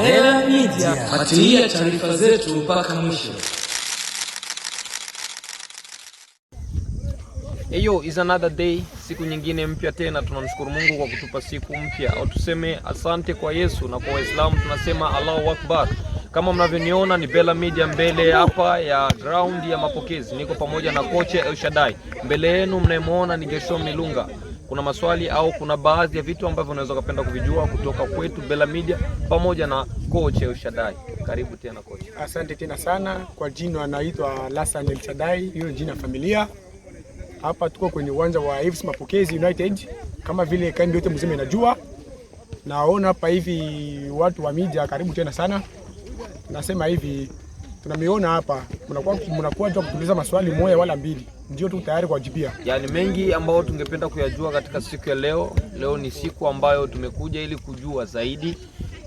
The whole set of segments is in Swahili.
Mbela Media, fuatilia taarifa zetu mpaka mwisho. Hiyo is another day, siku nyingine mpya tena. Tunamshukuru Mungu kwa kutupa siku mpya, au tuseme asante kwa Yesu, na kwa Waislamu tunasema Allahu Akbar. Kama mnavyoniona ni Bela Media mbele hapa ya ground ya mapokezi, niko pamoja na kocha Elshadai. Mbele yenu mnayemwona ni Geshom Milunga kuna maswali au kuna baadhi ya vitu ambavyo unaweza kupenda kuvijua kutoka kwetu Bela Media pamoja na coach Elshadai. Karibu tena coach. Asante tena sana kwa jina, anaitwa Lasan Elshadai, hiyo jina familia. Hapa tuko kwenye uwanja wa AFC Mapokezi United kama vile kambi yote mzima inajua. Naona hapa hivi watu wa media, karibu tena sana. Nasema hivi tunamiona hapa, mnakuwa tu kutuliza maswali moja wala mbili, ndio tu tayari jibia. Yani mengi ambayo tungependa kuyajua katika siku ya leo. Leo ni siku ambayo tumekuja ili kujua zaidi.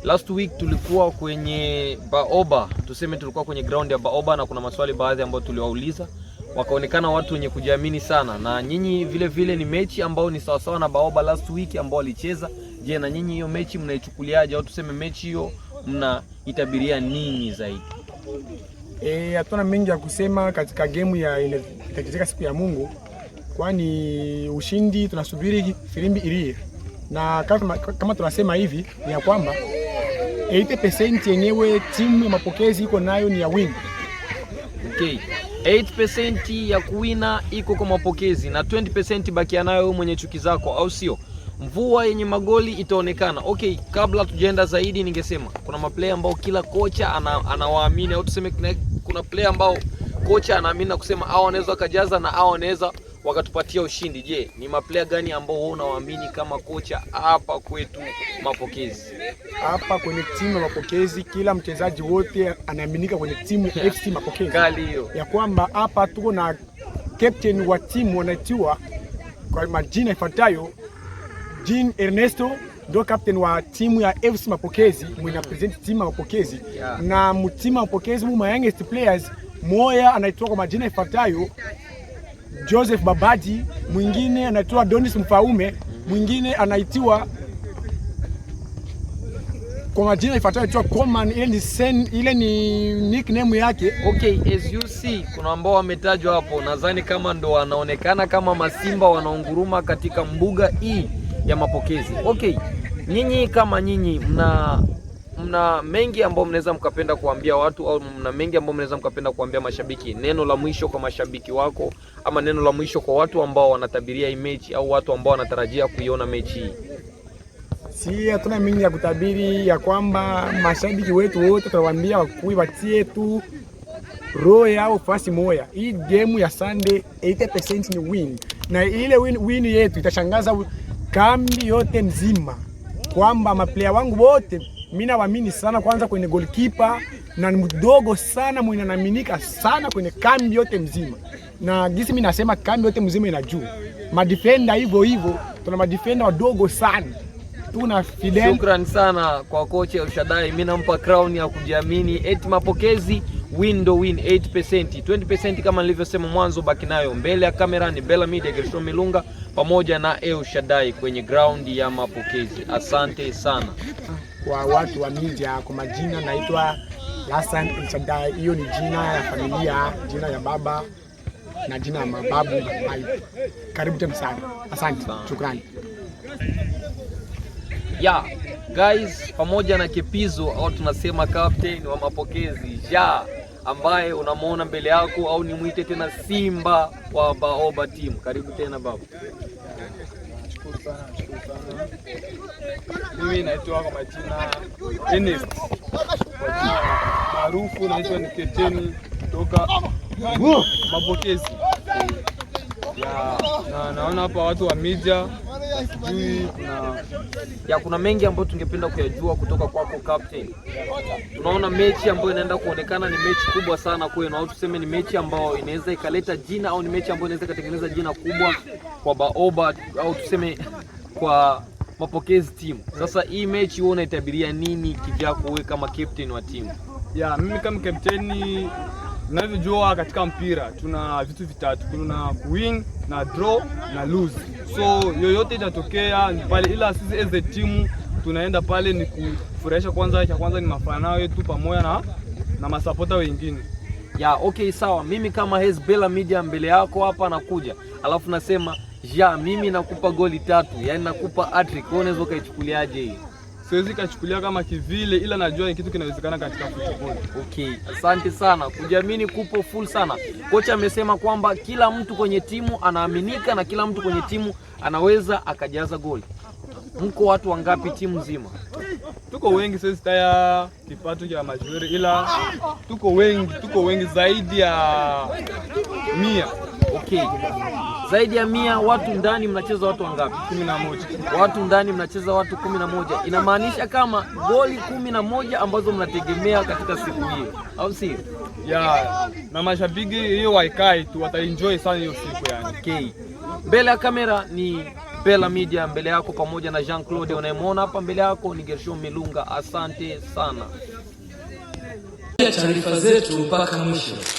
Last week tulikuwa kwenye Baoba, tuseme tulikuwa kwenye ground ya Baoba na kuna maswali baadhi ambayo tuliwauliza wakaonekana watu wenye kujiamini sana, na nyinyi vile vile ni mechi ambayo ni sawasawa na Baoba last week ambao walicheza. Je, na nyinyi hiyo mechi mnaichukuliaje, au tuseme mechi hiyo mnaitabiria nini zaidi? E, hatuna mengi ya kusema katika gemu ya itakicheka siku ya Mungu, kwani ushindi tunasubiri filimbi ilie, na kama, kama tunasema hivi ni ya kwamba 80% yenyewe timu ya mapokezi iko nayo ni ya win. Okay. 8% ya kuwina iko kwa mapokezi na 20% bakia nayo mwenye chuki zako, au sio? mvua yenye magoli itaonekana. Okay, kabla tujaenda zaidi, ningesema kuna maplayer ambao kila kocha anawaamini ana au tuseme kuna player ambao kocha anaamini na kusema hao wanaweza wakajaza na hao wanaweza wakatupatia ushindi. Je, ni maplayer gani ambao wewe unawaamini kama kocha hapa kwetu mapokezi? Hapa kwenye timu ya mapokezi, kila mchezaji wote anaaminika kwenye timu ya FC Mapokezi kali hiyo ya kwamba hapa tuko na captain wa timu wanaitiwa kwa majina ifuatayo Jean Ernesto ndo captain wa timu ya FC Mapokezi mwenye present timu ya Mapokezi yeah. na mtima Mapokezi mu youngest players moya anaitwa kwa majina ifuatayo Joseph Babaji, mwingine anaitwa Donis Mfaume, mwingine anaitwa kwa majina ifuatayo anaitwa Coman. Ile ni sen, ile ni nickname yake. Okay, as you see, kuna ambao wametajwa hapo, nadhani kama ndo wanaonekana kama masimba wanaunguruma katika mbuga hii ya mapokezi. Okay, nyinyi kama nyinyi mna mna mengi ambayo mnaweza mkapenda kuambia watu au mna mengi ambayo mnaweza mkapenda kuambia mashabiki, neno la mwisho kwa mashabiki wako ama neno la mwisho kwa watu ambao wanatabiria hii mechi au watu ambao wanatarajia kuiona mechi hii? Si hatuna mengi ya kutabiri, ya kwamba mashabiki wetu wote tunawaambia wakui watie tu roho yao fasi moya. Hii game ya Sunday 80% ni win, na ile win, win yetu itashangaza kambi yote mzima kwamba maplaya wangu wote mi nawamini sana, kwanza kwenye goalkeeper na ni mdogo sana mwenye anaaminika sana kwenye kambi yote mzima, na gisi mi nasema kambi yote mzima inajua madifenda hivyo hivyo, tuna madifenda wadogo sana tuna Fidel. Shukrani sana kwa kocha Elshadai, mimi nampa crown ya kujiamini, eti mapokezi win ndo win 8%, 20% kama nilivyosema mwanzo, baki nayo mbele ya kamera. Ni Bella Media, Gershom Milunga pamoja na El Shaddai kwenye ground ya mapokezi. Asante sana kwa watu wa media. Kwa majina naitwa Hassan El Shaddai, hiyo ni jina ya familia, jina ya baba na jina ya mababu. Karibu tena sana, asante, shukrani ya Guys, pamoja na Kepizo au tunasema captain wa mapokezi Ja ambaye unamwona mbele yako au nimwite tena Simba wa Baoba team. Karibu tena baba. Mimi naitwa kwa majina Enes. Maarufu naitwa ni Keteni kutoka mapokezi. Ya, na naona hapa watu wa media kuna ya kuna mengi ambayo tungependa kuyajua kutoka kwako captain. Tunaona mechi ambayo inaenda kuonekana ni mechi kubwa sana kwenu, au tuseme ni mechi ambayo inaweza ikaleta jina au ni mechi ambayo inaweza ikatengeneza jina kubwa kwa Baoba au tuseme kwa mapokezi timu. Sasa hii mechi wewe unaitabiria nini kivyako, wewe kama captain wa timu? Ya, mimi kama captain Mnavyojua katika mpira tuna vitu vitatu, kuna win na draw na lose. So yoyote itatokea ni pale, ila sisi as a team tunaenda pale ni kufurahisha kwanza. Cha kwanza ni mafanao yetu pamoja na, na masapota wengine ya okay, sawa. Mimi kama Hezbella Media mbele yako hapa nakuja, alafu nasema ya mimi nakupa goli tatu, yani nakupa hattrick. Wewe unaweza ukaichukuliaje hii? siwezi kachukulia kama kivile, ila najua ni kitu kinawezekana katika football. Okay, asante sana. Kujiamini kupo full sana. Kocha amesema kwamba kila mtu kwenye timu anaaminika na kila mtu kwenye timu anaweza akajaza goli. Mko watu wangapi timu nzima? Tuko wengi, siwezi taya kipato cha majuri, ila tuko wengi, tuko wengi zaidi ya mia wake zaidi ya mia. Watu ndani mnacheza watu wangapi? kumi na moja. Watu ndani mnacheza watu kumi na moja, inamaanisha kama goli kumi na moja ambazo mnategemea katika siku hiyo, au sio? Yeah. Na mashabiki hiyo waikai tu wataenjoy sana hiyo siku yani. Okay. Mbele ya kamera ni Bella Media, mbele yako pamoja na Jean Claude unayemwona hapa mbele yako ni Gershon Milunga. Asante sana taarifa zetu mpaka mwisho.